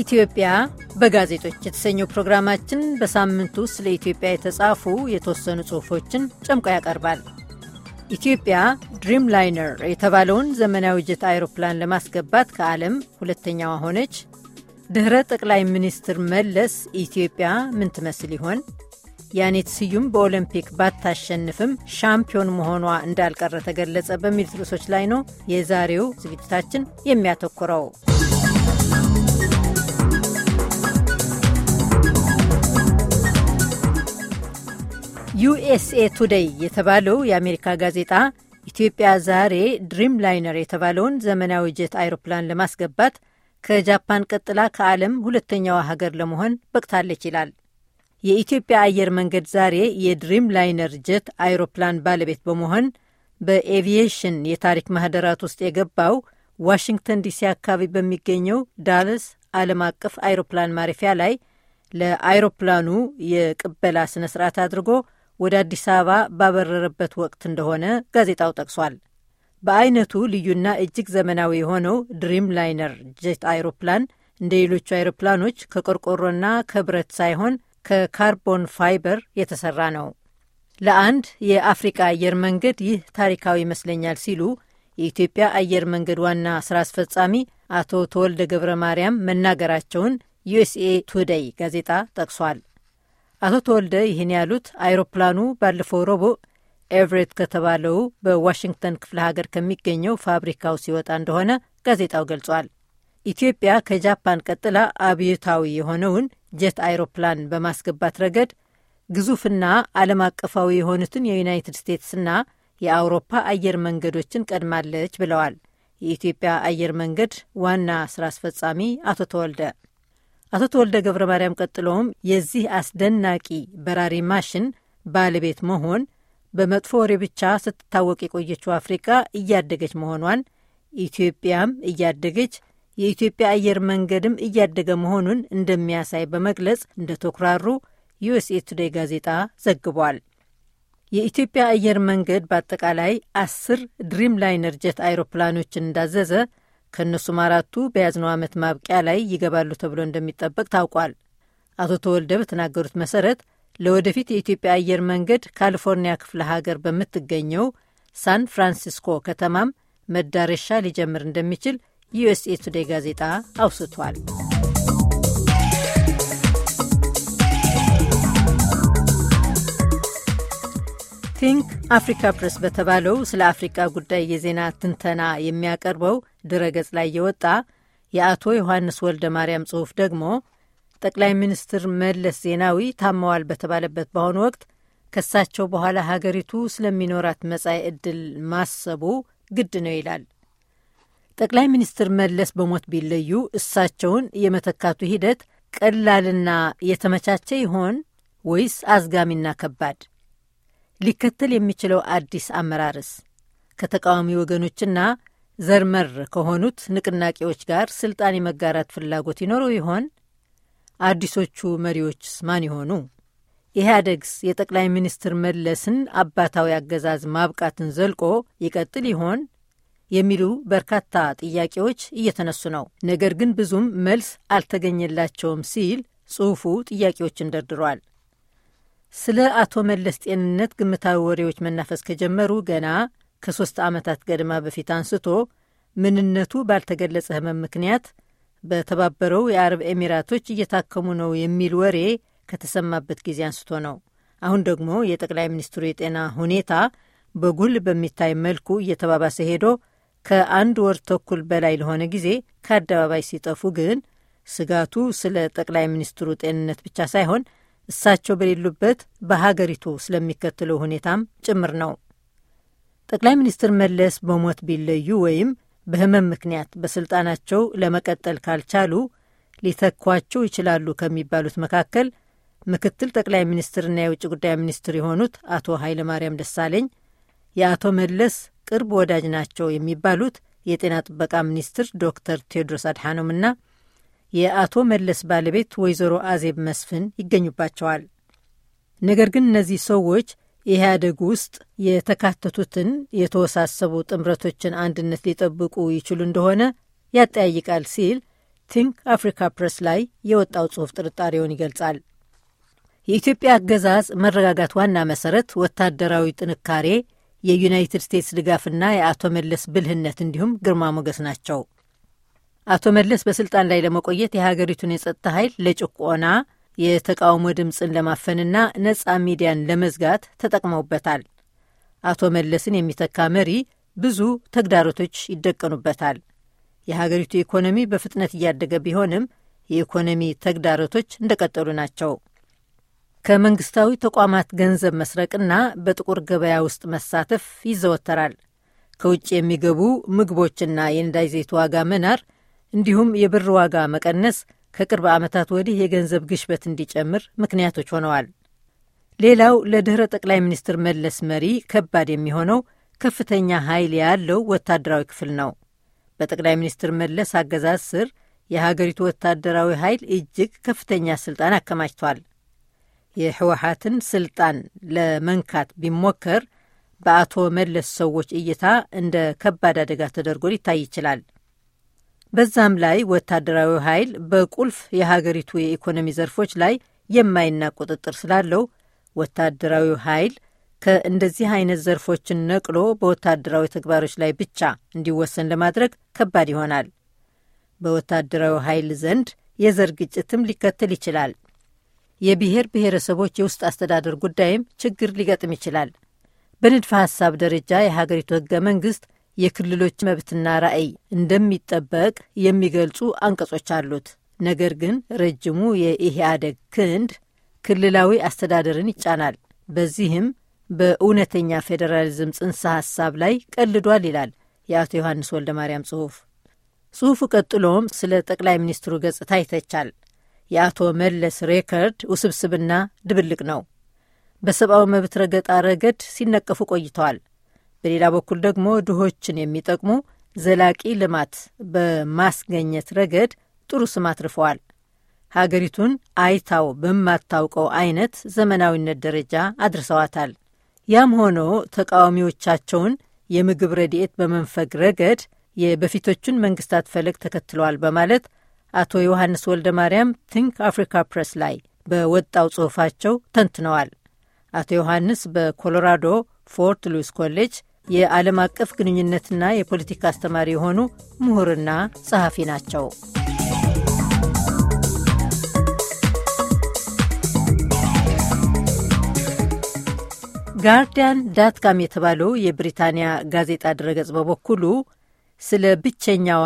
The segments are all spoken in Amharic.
ኢትዮጵያ በጋዜጦች የተሰኘው ፕሮግራማችን በሳምንት ውስጥ ስለ ኢትዮጵያ የተጻፉ የተወሰኑ ጽሑፎችን ጨምቆ ያቀርባል። ኢትዮጵያ ድሪም ላይነር የተባለውን ዘመናዊ ጀት አይሮፕላን ለማስገባት ከዓለም ሁለተኛዋ ሆነች። ድኅረ ጠቅላይ ሚኒስትር መለስ ኢትዮጵያ ምን ትመስል ይሆን? ያኔት ስዩም በኦሎምፒክ ባታሸንፍም ሻምፒዮን መሆኗ እንዳልቀረ ተገለጸ። በሚል ርዕሶች ላይ ነው የዛሬው ዝግጅታችን የሚያተኩረው። ዩኤስኤ ቱዴይ የተባለው የአሜሪካ ጋዜጣ ኢትዮጵያ ዛሬ ድሪም ላይነር የተባለውን ዘመናዊ ጀት አይሮፕላን ለማስገባት ከጃፓን ቀጥላ ከዓለም ሁለተኛዋ ሀገር ለመሆን በቅታለች ይላል። የኢትዮጵያ አየር መንገድ ዛሬ የድሪም ላይነር ጀት አይሮፕላን ባለቤት በመሆን በኤቪየሽን የታሪክ ማህደራት ውስጥ የገባው ዋሽንግተን ዲሲ አካባቢ በሚገኘው ዳለስ ዓለም አቀፍ አይሮፕላን ማረፊያ ላይ ለአይሮፕላኑ የቅበላ ስነ ስርዓት አድርጎ ወደ አዲስ አበባ ባበረረበት ወቅት እንደሆነ ጋዜጣው ጠቅሷል። በአይነቱ ልዩና እጅግ ዘመናዊ የሆነው ድሪም ላይነር ጄት አይሮፕላን እንደ ሌሎቹ አይሮፕላኖች ከቆርቆሮና ከብረት ሳይሆን ከካርቦን ፋይበር የተሰራ ነው። ለአንድ የአፍሪቃ አየር መንገድ ይህ ታሪካዊ ይመስለኛል ሲሉ የኢትዮጵያ አየር መንገድ ዋና ስራ አስፈጻሚ አቶ ተወልደ ገብረ ማርያም መናገራቸውን ዩኤስኤ ቱዴይ ጋዜጣ ጠቅሷል። አቶ ተወልደ ይህን ያሉት አይሮፕላኑ ባለፈው ረቡዕ ኤቨሬት ከተባለው በዋሽንግተን ክፍለ ሀገር ከሚገኘው ፋብሪካው ሲወጣ እንደሆነ ጋዜጣው ገልጿል። ኢትዮጵያ ከጃፓን ቀጥላ አብዮታዊ የሆነውን ጀት አይሮፕላን በማስገባት ረገድ ግዙፍና ዓለም አቀፋዊ የሆኑትን የዩናይትድ ስቴትስና የአውሮፓ አየር መንገዶችን ቀድማለች ብለዋል የኢትዮጵያ አየር መንገድ ዋና ስራ አስፈጻሚ አቶ ተወልደ አቶ ተወልደ ገብረ ማርያም ቀጥለውም የዚህ አስደናቂ በራሪ ማሽን ባለቤት መሆን በመጥፎ ወሬ ብቻ ስትታወቅ የቆየችው አፍሪቃ እያደገች መሆኗን ኢትዮጵያም እያደገች የኢትዮጵያ አየር መንገድም እያደገ መሆኑን እንደሚያሳይ በመግለጽ እንደ ተኩራሩ ዩኤስኤ ቱዴይ ጋዜጣ ዘግቧል። የኢትዮጵያ አየር መንገድ በአጠቃላይ አስር ድሪም ላይነር ጀት አይሮፕላኖችን እንዳዘዘ ከእነሱም አራቱ በያዝነው ዓመት ማብቂያ ላይ ይገባሉ ተብሎ እንደሚጠበቅ ታውቋል። አቶ ተወልደ በተናገሩት መሰረት ለወደፊት የኢትዮጵያ አየር መንገድ ካሊፎርኒያ ክፍለ ሀገር በምትገኘው ሳን ፍራንሲስኮ ከተማም መዳረሻ ሊጀምር እንደሚችል ዩኤስኤ ቱዴይ ጋዜጣ አውስቷል። ቲንክ አፍሪካ ፕሬስ በተባለው ስለ አፍሪካ ጉዳይ የዜና ትንተና የሚያቀርበው ድረገጽ ላይ የወጣ የአቶ ዮሐንስ ወልደ ማርያም ጽሑፍ ደግሞ ጠቅላይ ሚኒስትር መለስ ዜናዊ ታመዋል በተባለበት በአሁኑ ወቅት ከሳቸው በኋላ ሀገሪቱ ስለሚኖራት መጻኢ ዕድል ማሰቡ ግድ ነው ይላል። ጠቅላይ ሚኒስትር መለስ በሞት ቢለዩ እሳቸውን የመተካቱ ሂደት ቀላልና የተመቻቸ ይሆን ወይስ አዝጋሚና ከባድ? ሊከተል የሚችለው አዲስ አመራርስ ከተቃዋሚ ወገኖችና ዘርመር ከሆኑት ንቅናቄዎች ጋር ስልጣን የመጋራት ፍላጎት ይኖረው ይሆን? አዲሶቹ መሪዎችስ ማን ይሆኑ? ኢህአደግስ የጠቅላይ ሚኒስትር መለስን አባታዊ አገዛዝ ማብቃትን ዘልቆ ይቀጥል ይሆን? የሚሉ በርካታ ጥያቄዎች እየተነሱ ነው። ነገር ግን ብዙም መልስ አልተገኘላቸውም ሲል ጽሑፉ ጥያቄዎችን ደርድሯል። ስለ አቶ መለስ ጤንነት ግምታዊ ወሬዎች መናፈስ ከጀመሩ ገና ከሦስት ዓመታት ገድማ በፊት አንስቶ ምንነቱ ባልተገለጸ ህመም ምክንያት በተባበረው የአረብ ኤሚራቶች እየታከሙ ነው የሚል ወሬ ከተሰማበት ጊዜ አንስቶ ነው። አሁን ደግሞ የጠቅላይ ሚኒስትሩ የጤና ሁኔታ በጉል በሚታይ መልኩ እየተባባሰ ሄዶ ከአንድ ወር ተኩል በላይ ለሆነ ጊዜ ከአደባባይ ሲጠፉ ግን ስጋቱ ስለ ጠቅላይ ሚኒስትሩ ጤንነት ብቻ ሳይሆን እሳቸው በሌሉበት በሀገሪቱ ስለሚከተለው ሁኔታም ጭምር ነው። ጠቅላይ ሚኒስትር መለስ በሞት ቢለዩ ወይም በህመም ምክንያት በስልጣናቸው ለመቀጠል ካልቻሉ ሊተኳቸው ይችላሉ ከሚባሉት መካከል ምክትል ጠቅላይ ሚኒስትርና የውጭ ጉዳይ ሚኒስትር የሆኑት አቶ ኃይለማርያም ደሳለኝ፣ የአቶ መለስ ቅርብ ወዳጅ ናቸው የሚባሉት የጤና ጥበቃ ሚኒስትር ዶክተር ቴዎድሮስ አድሓኖምና የአቶ መለስ ባለቤት ወይዘሮ አዜብ መስፍን ይገኙባቸዋል። ነገር ግን እነዚህ ሰዎች ኢህአዴግ ውስጥ የተካተቱትን የተወሳሰቡ ጥምረቶችን አንድነት ሊጠብቁ ይችሉ እንደሆነ ያጠያይቃል ሲል ቲንክ አፍሪካ ፕሬስ ላይ የወጣው ጽሑፍ ጥርጣሬውን ይገልጻል። የኢትዮጵያ አገዛዝ መረጋጋት ዋና መሰረት ወታደራዊ ጥንካሬ፣ የዩናይትድ ስቴትስ ድጋፍና የአቶ መለስ ብልህነት እንዲሁም ግርማ ሞገስ ናቸው። አቶ መለስ በስልጣን ላይ ለመቆየት የሀገሪቱን የጸጥታ ኃይል ለጭቆና የተቃውሞ ድምፅን ለማፈንና ነፃ ሚዲያን ለመዝጋት ተጠቅመውበታል። አቶ መለስን የሚተካ መሪ ብዙ ተግዳሮቶች ይደቀኑበታል። የሀገሪቱ ኢኮኖሚ በፍጥነት እያደገ ቢሆንም የኢኮኖሚ ተግዳሮቶች እንደቀጠሉ ናቸው። ከመንግስታዊ ተቋማት ገንዘብ መስረቅና በጥቁር ገበያ ውስጥ መሳተፍ ይዘወተራል። ከውጭ የሚገቡ ምግቦችና የነዳጅ ዘይት ዋጋ መናር እንዲሁም የብር ዋጋ መቀነስ ከቅርብ ዓመታት ወዲህ የገንዘብ ግሽበት እንዲጨምር ምክንያቶች ሆነዋል። ሌላው ለድኅረ ጠቅላይ ሚኒስትር መለስ መሪ ከባድ የሚሆነው ከፍተኛ ኃይል ያለው ወታደራዊ ክፍል ነው። በጠቅላይ ሚኒስትር መለስ አገዛዝ ስር የሀገሪቱ ወታደራዊ ኃይል እጅግ ከፍተኛ ስልጣን አከማችቷል። የህወሓትን ስልጣን ለመንካት ቢሞከር በአቶ መለስ ሰዎች እይታ እንደ ከባድ አደጋ ተደርጎ ሊታይ ይችላል። በዛም ላይ ወታደራዊ ኃይል በቁልፍ የሀገሪቱ የኢኮኖሚ ዘርፎች ላይ የማይናቅ ቁጥጥር ስላለው ወታደራዊ ኃይል ከእንደዚህ አይነት ዘርፎችን ነቅሎ በወታደራዊ ተግባሮች ላይ ብቻ እንዲወሰን ለማድረግ ከባድ ይሆናል። በወታደራዊ ኃይል ዘንድ የዘር ግጭትም ሊከተል ይችላል። የብሔር ብሔረሰቦች የውስጥ አስተዳደር ጉዳይም ችግር ሊገጥም ይችላል። በንድፈ ሐሳብ ደረጃ የሀገሪቱ ሕገ መንግሥት የክልሎች መብትና ራዕይ እንደሚጠበቅ የሚገልጹ አንቀጾች አሉት። ነገር ግን ረጅሙ የኢህአደግ ክንድ ክልላዊ አስተዳደርን ይጫናል። በዚህም በእውነተኛ ፌዴራሊዝም ጽንሰ ሐሳብ ላይ ቀልዷል ይላል የአቶ ዮሐንስ ወልደ ማርያም ጽሑፍ። ጽሑፉ ቀጥሎም ስለ ጠቅላይ ሚኒስትሩ ገጽታ ይተቻል። የአቶ መለስ ሬከርድ ውስብስብና ድብልቅ ነው። በሰብአዊ መብት ረገጣ ረገድ ሲነቀፉ ቆይተዋል። በሌላ በኩል ደግሞ ድሆችን የሚጠቅሙ ዘላቂ ልማት በማስገኘት ረገድ ጥሩ ስም አትርፈዋል። ሀገሪቱን አይታው በማታውቀው አይነት ዘመናዊነት ደረጃ አድርሰዋታል። ያም ሆኖ ተቃዋሚዎቻቸውን የምግብ ረድኤት በመንፈግ ረገድ የበፊቶቹን መንግስታት ፈለግ ተከትለዋል በማለት አቶ ዮሐንስ ወልደ ማርያም ቲንክ አፍሪካ ፕሬስ ላይ በወጣው ጽሑፋቸው ተንትነዋል። አቶ ዮሐንስ በኮሎራዶ ፎርት ሉዊስ ኮሌጅ የዓለም አቀፍ ግንኙነትና የፖለቲካ አስተማሪ የሆኑ ምሁርና ጸሐፊ ናቸው። ጋርዲያን ዳትካም የተባለው የብሪታንያ ጋዜጣ ድረገጽ በበኩሉ ስለ ብቸኛዋ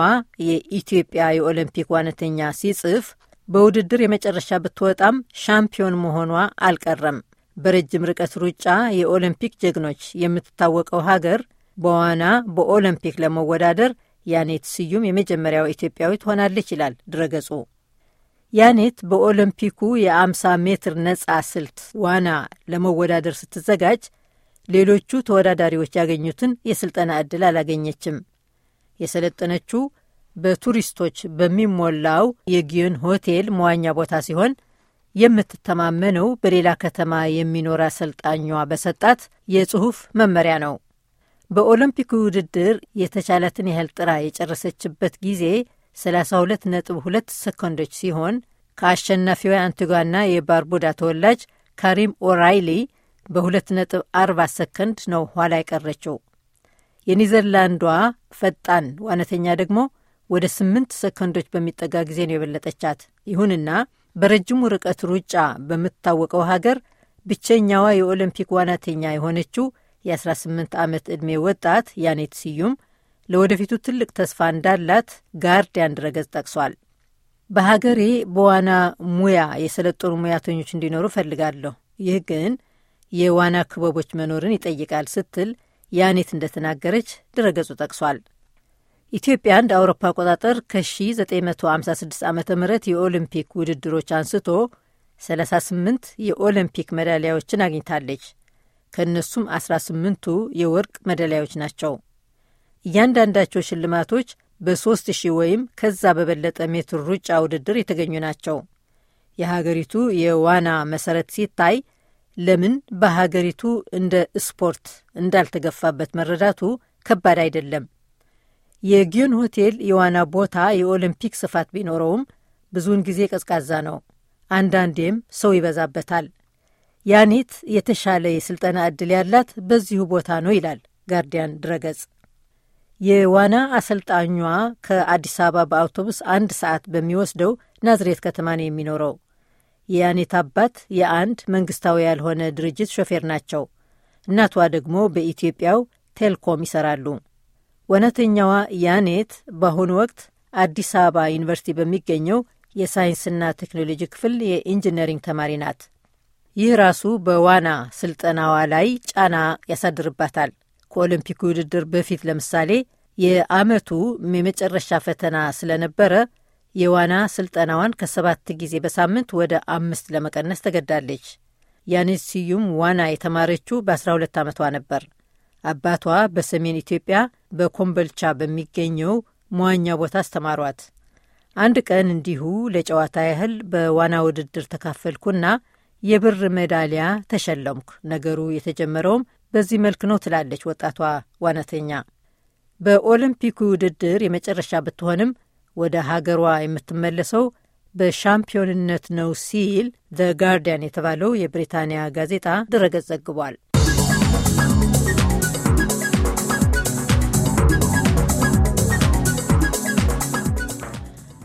የኢትዮጵያ የኦሎምፒክ ዋነተኛ ሲጽፍ በውድድር የመጨረሻ ብትወጣም ሻምፒዮን መሆኗ አልቀረም በረጅም ርቀት ሩጫ የኦሎምፒክ ጀግኖች የምትታወቀው ሀገር በዋና በኦሎምፒክ ለመወዳደር ያኔት ስዩም የመጀመሪያው ኢትዮጵያዊ ትሆናለች ይላል ድረገጹ። ያኔት በኦሎምፒኩ የ50 ሜትር ነጻ ስልት ዋና ለመወዳደር ስትዘጋጅ ሌሎቹ ተወዳዳሪዎች ያገኙትን የስልጠና ዕድል አላገኘችም። የሰለጠነችው በቱሪስቶች በሚሞላው የጊዮን ሆቴል መዋኛ ቦታ ሲሆን የምትተማመነው በሌላ ከተማ የሚኖር አሰልጣኟ በሰጣት የጽሑፍ መመሪያ ነው። በኦሎምፒክ ውድድር የተቻለትን ያህል ጥራ የጨረሰችበት ጊዜ 32.2 ሰኮንዶች ሲሆን ከአሸናፊዋ አንቲጓና የባርቡዳ ተወላጅ ካሪም ኦራይሊ በ2.40 ሰከንድ ነው ኋላ የቀረችው። የኒዘርላንዷ ፈጣን ዋነተኛ ደግሞ ወደ 8 ሰከንዶች በሚጠጋ ጊዜ ነው የበለጠቻት። ይሁንና በረጅሙ ርቀት ሩጫ በምትታወቀው ሀገር ብቸኛዋ የኦሎምፒክ ዋናተኛ የሆነችው የ18 ዓመት ዕድሜ ወጣት ያኔት ስዩም ለወደፊቱ ትልቅ ተስፋ እንዳላት ጋርዲያን ድረገጽ ጠቅሷል። በሀገሬ በዋና ሙያ የሰለጠኑ ሙያተኞች እንዲኖሩ እፈልጋለሁ። ይህ ግን የዋና ክበቦች መኖርን ይጠይቃል ስትል ያኔት እንደተናገረች ድረገጹ ጠቅሷል። ኢትዮጵያ እንደ አውሮፓ አቆጣጠር ከ1956 ዓ ም የኦሊምፒክ ውድድሮች አንስቶ 38 የኦሊምፒክ ሜዳሊያዎችን አግኝታለች። ከእነሱም 18ቱ የወርቅ መዳሊያዎች ናቸው። እያንዳንዳቸው ሽልማቶች በ3000 ወይም ከዛ በበለጠ ሜትር ሩጫ ውድድር የተገኙ ናቸው። የሀገሪቱ የዋና መሰረት ሲታይ ለምን በሀገሪቱ እንደ ስፖርት እንዳልተገፋበት መረዳቱ ከባድ አይደለም። የጊዮን ሆቴል የዋና ቦታ የኦሎምፒክ ስፋት ቢኖረውም ብዙውን ጊዜ ቀዝቃዛ ነው። አንዳንዴም ሰው ይበዛበታል። ያኒት የተሻለ የስልጠና ዕድል ያላት በዚሁ ቦታ ነው ይላል ጋርዲያን ድረገጽ። የዋና አሰልጣኟ ከአዲስ አበባ በአውቶቡስ አንድ ሰዓት በሚወስደው ናዝሬት ከተማ ነው የሚኖረው። የያኔት አባት የአንድ መንግስታዊ ያልሆነ ድርጅት ሾፌር ናቸው። እናቷ ደግሞ በኢትዮጵያው ቴልኮም ይሰራሉ። ወነተኛዋ ያኔት በአሁኑ ወቅት አዲስ አበባ ዩኒቨርሲቲ በሚገኘው የሳይንስና ቴክኖሎጂ ክፍል የኢንጂነሪንግ ተማሪ ናት። ይህ ራሱ በዋና ስልጠናዋ ላይ ጫና ያሳድርባታል። ከኦሎምፒክ ውድድር በፊት ለምሳሌ የአመቱ የመጨረሻ ፈተና ስለነበረ የዋና ስልጠናዋን ከሰባት ጊዜ በሳምንት ወደ አምስት ለመቀነስ ተገዳለች። ያኔት ስዩም ዋና የተማረችው በ12 ዓመቷ ነበር። አባቷ በሰሜን ኢትዮጵያ በኮምበልቻ በሚገኘው መዋኛ ቦታ አስተማሯት። አንድ ቀን እንዲሁ ለጨዋታ ያህል በዋና ውድድር ተካፈልኩና የብር ሜዳሊያ ተሸለምኩ። ነገሩ የተጀመረውም በዚህ መልክ ነው ትላለች ወጣቷ ዋናተኛ። በኦሎምፒክ ውድድር የመጨረሻ ብትሆንም ወደ ሀገሯ የምትመለሰው በሻምፒዮንነት ነው ሲል ዘ ጋርዲያን የተባለው የብሪታንያ ጋዜጣ ድረገጽ ዘግቧል።